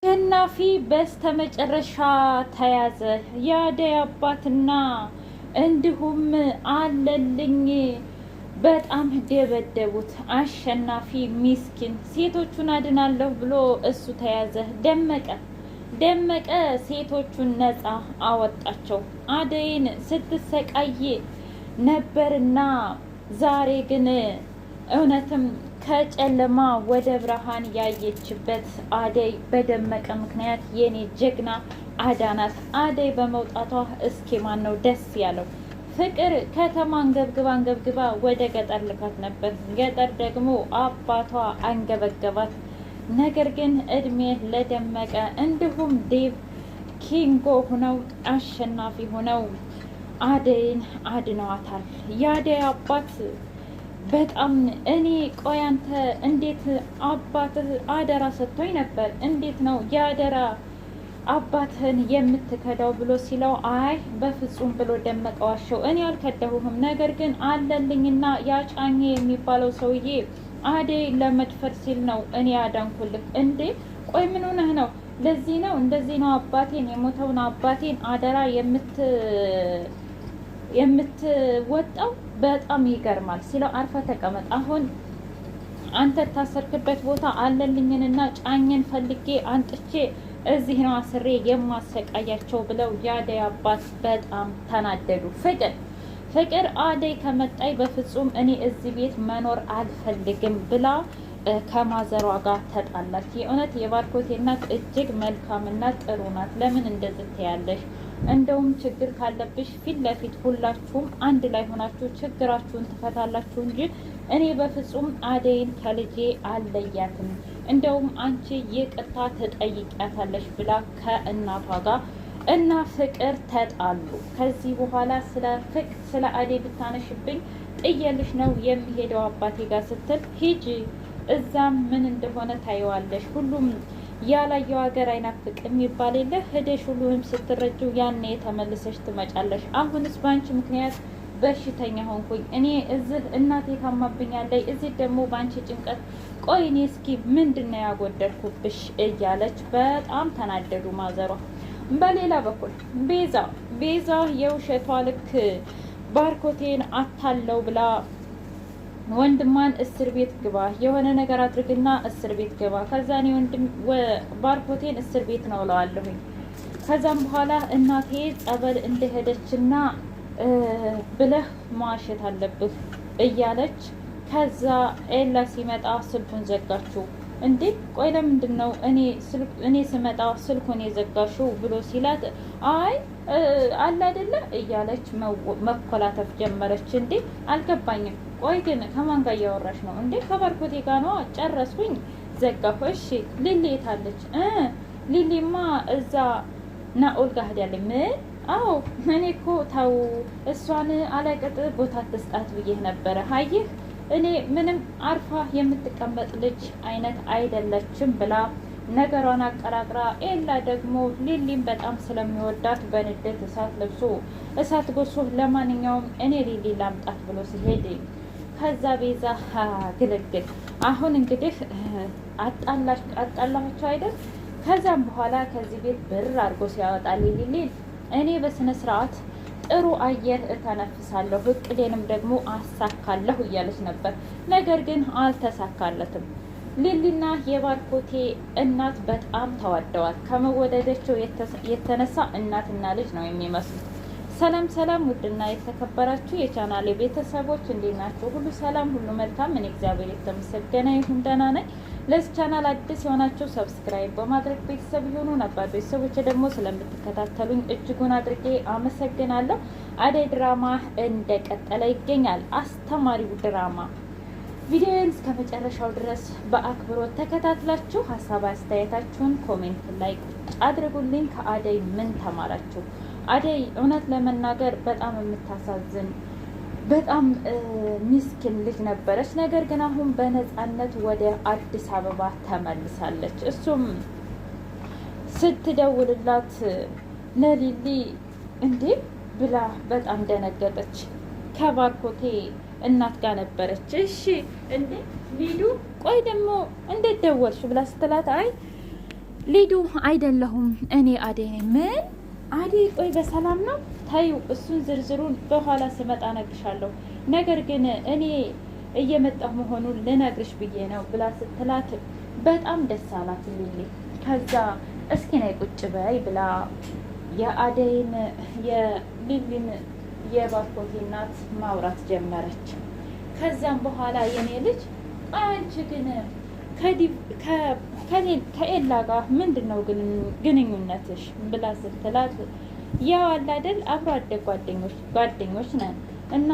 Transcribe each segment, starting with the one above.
አሸናፊ በስተመጨረሻ ተያዘ። የአደይ አባትና እንዲሁም አለልኝ በጣም ደበደቡት። አሸናፊ ሚስኪን ሴቶቹን አድናለሁ ብሎ እሱ ተያዘ። ደመቀ ደመቀ ሴቶቹን ነፃ አወጣቸው። አደይን ስትሰቃይ ነበርና ዛሬ ግን እውነትም ከጨለማ ወደ ብርሃን ያየችበት አደይ በደመቀ ምክንያት የኔ ጀግና አዳናት። አደይ በመውጣቷ እስኪ ማን ነው ደስ ያለው? ፍቅር ከተማ አንገብግባ አንገብግባ ወደ ገጠር ልካት ነበር። ገጠር ደግሞ አባቷ አንገበገባት። ነገር ግን እድሜ ለደመቀ እንዲሁም ዴቭ ኪንጎ ሆነው አሸናፊ ሆነው አደይን አድነዋታል። የአደይ አባት በጣም እኔ ቆይ አንተ እንዴት አባትህ አደራ ሰጥቶኝ ነበር፣ እንዴት ነው የአደራ አባትህን የምትከዳው ብሎ ሲለው አይ በፍጹም ብሎ ደመቀ ዋሸው። እኔ አልከደሁህም፣ ነገር ግን አለልኝና ያጫኘ የሚባለው ሰውዬ አዴ ለመድፈር ሲል ነው እኔ አዳንኩልህ። እንዴ ቆይ ምን ሆነህ ነው? ለዚህ ነው እንደዚህ ነው አባቴን የሞተውን አባቴን አደራ የምት የምትወጣው በጣም ይገርማል ሲለው አርፈ ተቀመጥ አሁን አንተ ታሰርክበት ቦታ አለልኝንና ጫኝን ፈልጌ አንጥቼ እዚህ ነው አስሬ የማሰቃያቸው ብለው የአደይ አባት በጣም ተናደዱ። ፍቅር ፍቅር አደይ ከመጣይ በፍጹም እኔ እዚህ ቤት መኖር አልፈልግም ብላ ከማዘሯ ጋር ተጣላች። የእውነት የባርኮቴ እናት እጅግ መልካምና ጥሩ ናት። ለምን እንደዚህ ትያለሽ? እንደውም ችግር ካለብሽ ፊት ለፊት ሁላችሁም አንድ ላይ ሆናችሁ ችግራችሁን ትፈታላችሁ እንጂ እኔ በፍጹም አደይን ከልጄ አልለያትም፣ እንደውም አንቺ ይቅርታ ትጠይቂያታለሽ ብላ ከእናቷ ጋር እና ፍቅር ተጣሉ። ከዚህ በኋላ ስለ ፍቅ ስለ አደይ ብታነሽብኝ ጥየልሽ ነው የሚሄደው አባቴ ጋር ስትል ሂጂ፣ እዛም ምን እንደሆነ ታየዋለሽ ሁሉም ያላየው ሀገር አይናፍቅም ይባል የለ ሄደሽ ሁሉንም ስትረጅው ያኔ ተመልሰሽ ትመጫለሽ። አሁንስ በአንቺ ምክንያት በሽተኛ ሆንኩኝ እኔ እዚህ እናቴ ታማብኛለይ፣ እዚህ ደግሞ በአንቺ ጭንቀት። ቆይ እኔ እስኪ ምንድን ነው ያጎደልኩብሽ? እያለች በጣም ተናደዱ ማዘሯ። በሌላ በኩል ቤዛ ቤዛ የውሸቷ ልክ ባርኮቴን አታለው ብላ ወንድማን እስር ቤት ግባ፣ የሆነ ነገር አድርግና እስር ቤት ግባ። ከዛ እኔ ወንድም ባርኮቴን እስር ቤት ነው እለዋለሁኝ። ከዛም በኋላ እናቴ ጸበል እንደሄደችና ብለህ ማሸት አለብህ እያለች ከዛ ኤላ ሲመጣ ስልኩን ዘጋችው። እንዴ ቆይ ለምንድን ነው እኔ ስመጣ ስልኩን የዘጋሽው ብሎ ሲላት አይ አለ አይደለ እያለች መኮላተፍ ጀመረች። እንዴ አልገባኝም። ቆይ ግን ከማን ጋር እያወራሽ ነው? እንዴ ከበርኮቴ ጋር ነዋ። ጨረስኩኝ፣ ዘጋሁ። እሺ ሊሊ ሊሊማ እዛ ናኦል ጋር ሄዳለች። ምን? አዎ እኔ እኮ ተው እሷን አለቅጥ ቦታ ትስጣት ብዬህ ነበረ። አየህ እኔ ምንም አርፋ የምትቀመጥ ልጅ አይነት አይደለችም ብላ ነገሯን አቀራቅራ ኤላ ደግሞ ሊሊን በጣም ስለሚወዳት በንዴት እሳት ለብሶ እሳት ጎሶ ለማንኛውም እኔ ሊሊ ላምጣት ብሎ ሲሄድ ከዛ ቤዛ ግልግል አሁን እንግዲህ አጣላቸው አይደል? ከዛም በኋላ ከዚህ ቤት ብር አድርጎ ሲያወጣ ሊሊ እኔ በስነ ስርዓት ጥሩ አየር እተነፍሳለሁ እቅዴንም ደግሞ አሳካለሁ እያለች ነበር። ነገር ግን አልተሳካለትም። ሊሊና የባርኮቴ እናት በጣም ተዋደዋል። ከመወደዳቸው የተነሳ እናትና ልጅ ነው የሚመስሉት። ሰላም ሰላም! ውድና የተከበራችሁ የቻናሌ ቤተሰቦች እንዴት ናቸው? ሁሉ ሰላም፣ ሁሉ መልካም። እኔ እግዚአብሔር የተመሰገነ ይሁን ደህና ነኝ። ለዚህ ቻናል አዲስ የሆናቸው ሰብስክራይብ በማድረግ ቤተሰብ የሆኑ ነባር ቤተሰቦች ደግሞ ስለምትከታተሉኝ እጅጉን አድርጌ አመሰግናለሁ። አደይ ድራማ እንደቀጠለ ይገኛል። አስተማሪው ድራማ ቪዲዮን እስከ መጨረሻው ድረስ በአክብሮት ተከታትላችሁ ሀሳብ አስተያየታችሁን ኮሜንት ላይ አድርጉልኝ። ከአደይ ምን ተማራችሁ? አደይ እውነት ለመናገር በጣም የምታሳዝን በጣም ሚስኪን ልጅ ነበረች። ነገር ግን አሁን በነፃነት ወደ አዲስ አበባ ተመልሳለች። እሱም ስትደውልላት ለሊሊ እንዴ ብላ በጣም ደነገጠች። ከባርኮቴ እናት ጋር ነበረች። እሺ እንዴ ሊዱ፣ ቆይ ደግሞ እንዴት ደወልሽ ብላ ስትላት፣ አይ ሊዱ አይደለሁም እኔ አዴ ነኝ። ምን አዴ? ቆይ በሰላም ነው? ታዩ እሱን ዝርዝሩን በኋላ ስመጣ እነግርሻለሁ። ነገር ግን እኔ እየመጣሁ መሆኑን ልነግርሽ ብዬ ነው ብላ ስትላት በጣም ደስ አላት ሊሊ። ከዛ እስኪ ነይ ቁጭ በይ ብላ የአደይን የሊሊን የባርኮቴ እናት ማውራት ጀመረች። ከዚያም በኋላ የኔ ልጅ አንቺ ግን ከኤላ ጋር ምንድን ነው ግንኙነትሽ ብላ ስትላት ያው አለ አይደል አብሮ አደግ ጓደኞች ጓደኞች ነን እና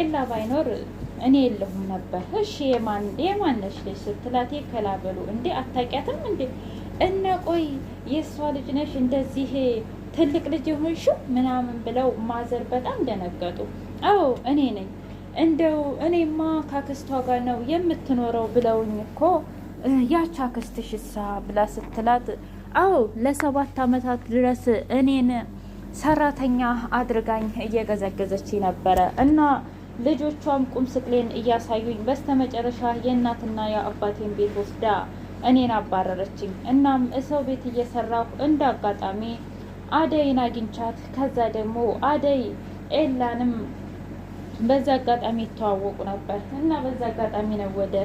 ኤላ ባይኖር እኔ የለሁም ነበር። እሺ የማነሽ ልጅ ስትላት ከላበሉ እንዴ አታውቂያትም እንዴ እና ቆይ የእሷ ልጅ ነሽ እንደዚህ ትልቅ ልጅ የሆንሽው ምናምን ብለው ማዘር በጣም ደነገጡ። አዎ እኔ ነኝ እንደው እኔማ ካክስቷ ጋር ነው የምትኖረው ብለውኝ እኮ ያቻ አክስትሽ ብላ ስትላት፣ አዎ ለሰባት ዓመታት ድረስ እኔን ሰራተኛ አድርጋኝ እየገዘገዘች ነበረ እና ልጆቿም ቁም ስቅሌን እያሳዩኝ በስተመጨረሻ የእናትና የአባቴን ቤት ወስዳ እኔን አባረረችኝ። እናም እሰው ቤት እየሰራሁ እንደ አጋጣሚ አደይን አግኝቻት ከዛ ደግሞ አደይ ኤላንም በዛ አጋጣሚ ይተዋወቁ ነበር እና በዛ አጋጣሚ ነው ወደ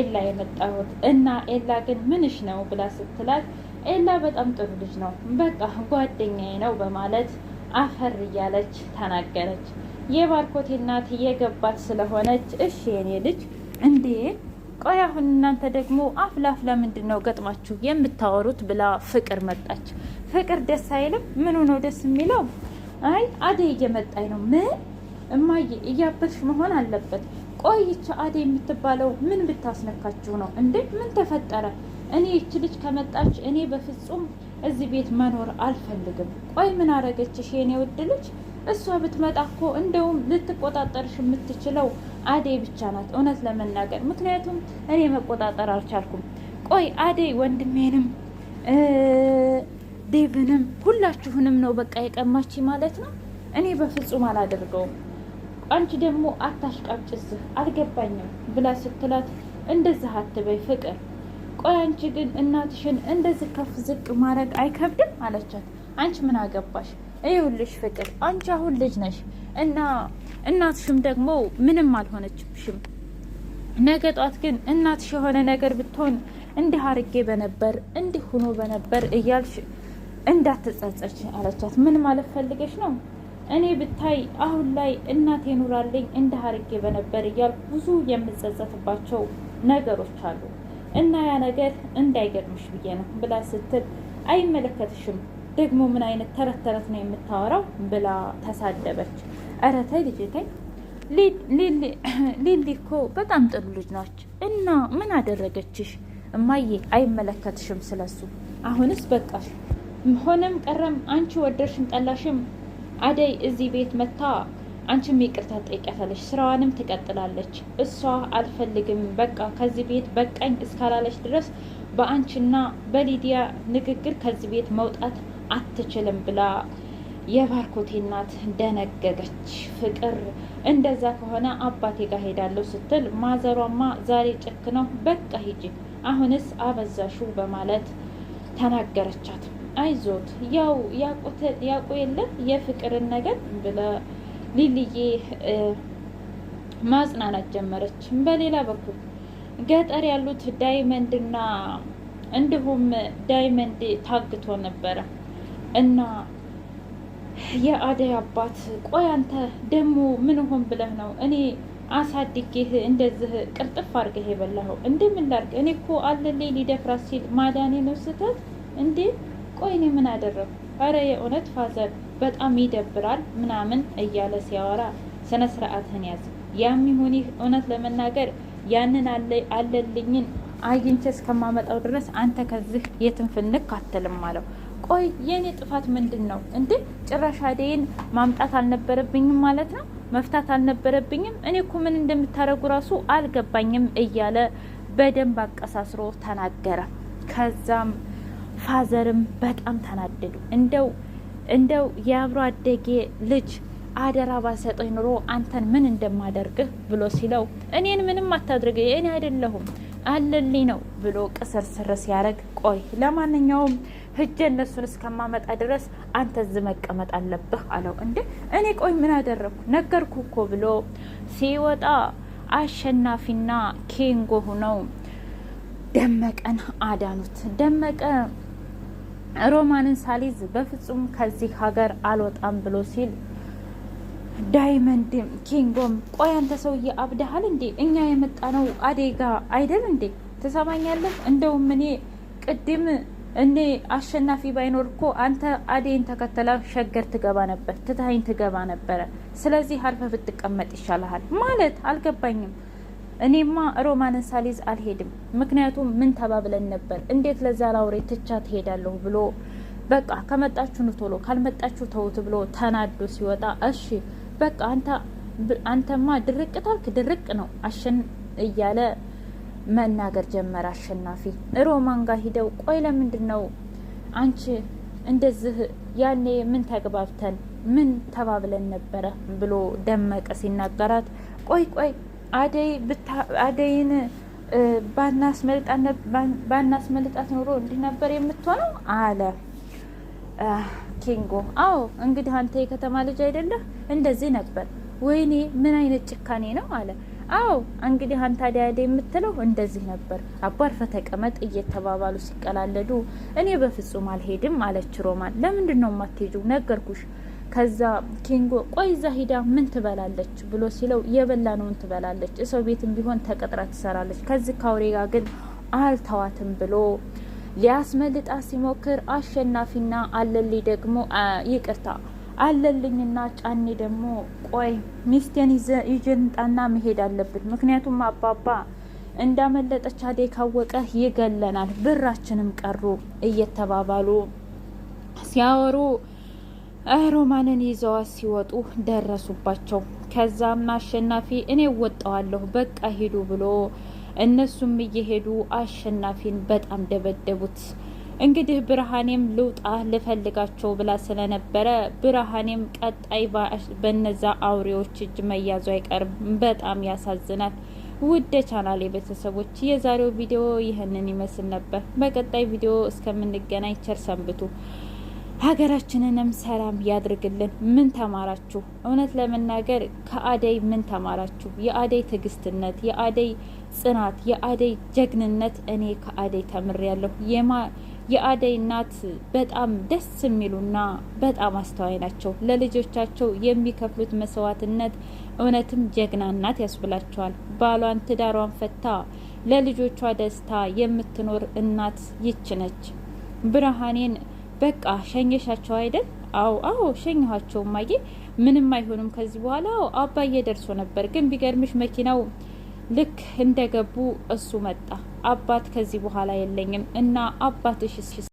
ኤላ የመጣሁት እና ኤላ ግን ምንሽ ነው ብላ ስትላት ኤላ በጣም ጥሩ ልጅ ነው፣ በቃ ጓደኛዬ ነው በማለት አፈር እያለች ተናገረች። የባርኮቴ እናት የገባት ስለሆነች እሺ የኔ ልጅ እንዴ ቆይ አሁን እናንተ ደግሞ አፍ ላፍ ለምንድን ነው ገጥማችሁ የምታወሩት? ብላ ፍቅር መጣች። ፍቅር ደስ አይልም። ምኑ ነው ደስ የሚለው? አይ አደይ እየመጣኝ ነው። ምን እማዬ እያበሽ መሆን አለበት። ቆይቻ አደይ የምትባለው ምን ብታስነካችሁ ነው እንዴ? ምን ተፈጠረ? እኔ ይች ልጅ ከመጣች እኔ በፍጹም እዚህ ቤት መኖር አልፈልግም። ቆይ ምን አረገችሽ የኔ ውድ ልጅ? እሷ ብትመጣ እኮ እንደውም ልትቆጣጠርሽ የምትችለው አደይ ብቻ ናት፣ እውነት ለመናገር ምክንያቱም እኔ መቆጣጠር አልቻልኩም። ቆይ አደይ ወንድሜንም ዴቭንም ሁላችሁንም ነው በቃ የቀማች ማለት ነው። እኔ በፍጹም አላደርገውም። አንቺ ደግሞ አታሽቃብጭስህ አልገባኝም ብላ ስትላት እንደዚህ አትበይ ፍቅር። ቆይ አንቺ ግን እናትሽን እንደዚህ ከፍ ዝቅ ማድረግ አይከብድም አለቻት። አንቺ ምን አገባሽ? ይኸውልሽ ፍቅር አንቺ አሁን ልጅ ነሽ እና እናትሽም ደግሞ ምንም አልሆነችብሽም። ነገ ጧት ግን እናትሽ የሆነ ነገር ብትሆን እንዲህ አርጌ በነበር እንዲህ ሆኖ በነበር እያልሽ እንዳትጸጸች አለቻት። ምን ማለት ፈልገሽ ነው? እኔ ብታይ አሁን ላይ እናቴ ኑራልኝ እንዲህ አርጌ በነበር እያል ብዙ የምጸጸትባቸው ነገሮች አሉ እና ያ ነገር እንዳይገጥምሽ ብዬ ነው ብላ ስትል አይመለከትሽም ደግሞ ምን አይነት ተረት ተረት ነው የምታወራው ብላ ተሳደበች። ኧረ ተይ ልጄ ተይ። ሊሊ እኮ በጣም ጥሩ ልጅ ናች እና ምን አደረገችሽ? እማዬ አይመለከትሽም ስለሱ። አሁንስ በቃ ሆነም ቀረም አንቺ ወደርሽም ጠላሽም አደይ እዚህ ቤት መታ አንቺም ይቅርታ ትጠይቂያታለሽ፣ ስራዋንም ትቀጥላለች። እሷ አልፈልግም በቃ ከዚህ ቤት በቃኝ እስካላለች ድረስ በአንቺና በሊዲያ ንግግር ከዚህ ቤት መውጣት አትችልም ብላ የባርኮቴ እናት ደነገገች። ፍቅር እንደዛ ከሆነ አባቴ ጋር ሄዳለሁ ስትል ማዘሯማ ዛሬ ጭክ ነው፣ በቃ ሂጂ፣ አሁንስ አበዛሹ በማለት ተናገረቻት። አይዞት ያው ያውቁ የለ የፍቅርን ነገር ብለ ሊልዬ ማጽናናት ጀመረች። በሌላ በኩል ገጠር ያሉት ዳይመንድና እንዲሁም ዳይመንድ ታግቶ ነበረ እና የአደይ አባት ቆይ አንተ ደግሞ ምን ሆን ብለህ ነው እኔ አሳድጌህ እንደዚህ ቅርጥፍ አድርገህ የበላኸው? እንዴ ምን ላድርግ እኔ እኮ አለሌ ሊደፍራት ሲል ማዳኔ ነው ስህተት እንዴ? ቆይ እኔ ምን አደረግኩ? ኧረ የእውነት ፋዘር በጣም ይደብራል ምናምን እያለ ሲያወራ ስነ ስርዓትህን ያዝ። ያም ይሁን ይህ እውነት ለመናገር ያንን አለልኝን አግኝቼ እስከማመጣው ድረስ አንተ ከዚህ የትንፍንክ አትልም አለው። ቆይ የእኔ ጥፋት ምንድን ነው እንዴ? ጭራሽ አደይን ማምጣት አልነበረብኝም ማለት ነው? መፍታት አልነበረብኝም? እኔ እኮ ምን እንደምታደርጉ ራሱ አልገባኝም እያለ በደንብ አቀሳስሮ ተናገረ። ከዛም ፋዘርም በጣም ተናደዱ። እንደው እንደው የአብሮ አደጌ ልጅ አደራ ባሰጠኝ ኑሮ አንተን ምን እንደማደርግህ ብሎ ሲለው እኔን ምንም አታድርግ እኔ አይደለሁም አለልኝ ነው ብሎ ቅስርስር ሲያደርግ ቆይ ለማንኛውም ህጀ እነሱን እስከማመጣ ድረስ አንተ እዚህ መቀመጥ አለብህ አለው። እንዴ እኔ ቆይ ምን አደረግኩ? ነገርኩ እኮ ብሎ ሲወጣ አሸናፊና ኬንጎ ሁነው ደመቀን አዳኑት። ደመቀ ሮማንን ሳሊዝ በፍጹም ከዚህ ሀገር አልወጣም ብሎ ሲል ዳይመንድ ኪንጎም ቆይ አንተ ሰውዬ አብደሃል እንዴ? እኛ የመጣ ነው አዴጋ አይደል እንዴ? ትሰማኛለህ? እንደውም እኔ ቅድም እኔ አሸናፊ ባይኖር እኮ አንተ አዴን ተከተላ ሸገር ትገባ ነበር፣ ትታይን ትገባ ነበረ። ስለዚህ አልፈ ብትቀመጥ ይሻልሃል ማለት አልገባኝም። እኔማ ሮማንን ሳሊዝ አልሄድም፣ ምክንያቱም ምን ተባብለን ነበር? እንዴት ለዛ ላውሬ ትቻ ትሄዳለሁ ብሎ በቃ ከመጣችሁ ኑ ቶሎ፣ ካልመጣችሁ ተውት ብሎ ተናዶ ሲወጣ እሺ በቃ አንተማ ድርቅ ታልክ ድርቅ ነው አሸን እያለ መናገር ጀመረ አሸናፊ ሮማን ጋር ሂደው ቆይ ለምንድን ነው አንቺ እንደዚህ ያኔ ምን ተግባብተን ምን ተባብለን ነበረ ብሎ ደመቀ ሲናገራት ቆይ ቆይ አደይ አደይን ባናስመልጣት ኑሮ እንዲህ ነበር የምትሆነው አለ ኪንጎ አዎ እንግዲህ አንተ የከተማ ልጅ አይደለህ እንደዚህ ነበር ወይኔ ምን አይነት ጭካኔ ነው አለ አዎ እንግዲህ አንተ ዳያዴ የምትለው እንደዚህ ነበር። አቦ አርፈ ተቀመጥ እየተባባሉ ሲቀላለዱ እኔ በፍጹም አልሄድም አለች ሮማን። ለምንድን ነው የማትሄጂው? ነገርኩሽ። ከዛ ኪንጎ ቆይ እዛ ሂዳ ምን ትበላለች ብሎ ሲለው የበላ ነውን ትበላለች፣ እሰው ቤትም ቢሆን ተቀጥራ ትሰራለች፣ ከዚህ ካውሬ ጋ ግን አልተዋትም ብሎ ሊያስመልጣ ሲሞክር አሸናፊና አለልኝ ደግሞ ይቅርታ አለልኝና ጫኔ ደግሞ ቆይ ሚስቴን ይጀንጣና መሄድ አለብን። ምክንያቱም አባባ እንዳመለጠች አደ ካወቀ ይገለናል፣ ብራችንም ቀሩ እየተባባሉ ሲያወሩ ሮማንን ይዘዋት ሲወጡ ደረሱባቸው። ከዛም አሸናፊ እኔ ወጣዋለሁ በቃ ሂዱ ብሎ እነሱም እየሄዱ አሸናፊን በጣም ደበደቡት። እንግዲህ ብርሃኔም ልውጣ ልፈልጋቸው ብላ ስለነበረ ብርሃኔም ቀጣይ በነዛ አውሬዎች እጅ መያዙ አይቀርም። በጣም ያሳዝናል። ውድ ቻናሌ ቤተሰቦች የዛሬው ቪዲዮ ይህንን ይመስል ነበር። በቀጣይ ቪዲዮ እስከምንገናኝ ቸር ሰንብቱ። ሀገራችንንም ሰላም ያድርግልን። ምን ተማራችሁ? እውነት ለመናገር ከአደይ ምን ተማራችሁ? የአደይ ትዕግስትነት፣ የአደይ ጽናት፣ የአደይ ጀግንነት እኔ ከአደይ ተምሬያለሁ። የአደይ እናት በጣም ደስ የሚሉና በጣም አስተዋይ ናቸው። ለልጆቻቸው የሚከፍሉት መስዋዕትነት እውነትም ጀግና እናት ያስብላቸዋል። ባሏን ትዳሯን ፈታ ለልጆቿ ደስታ የምትኖር እናት ይች ነች። ብርሃኔን በቃ ሸኘሻቸው አይደል? አዎ አዎ ሸኘኋቸው እማዬ፣ ምንም አይሆኑም ከዚህ በኋላ አባዬ ደርሶ ነበር። ግን ቢገርምሽ መኪናው ልክ እንደገቡ እሱ መጣ። አባት ከዚህ በኋላ የለኝም እና አባትሽ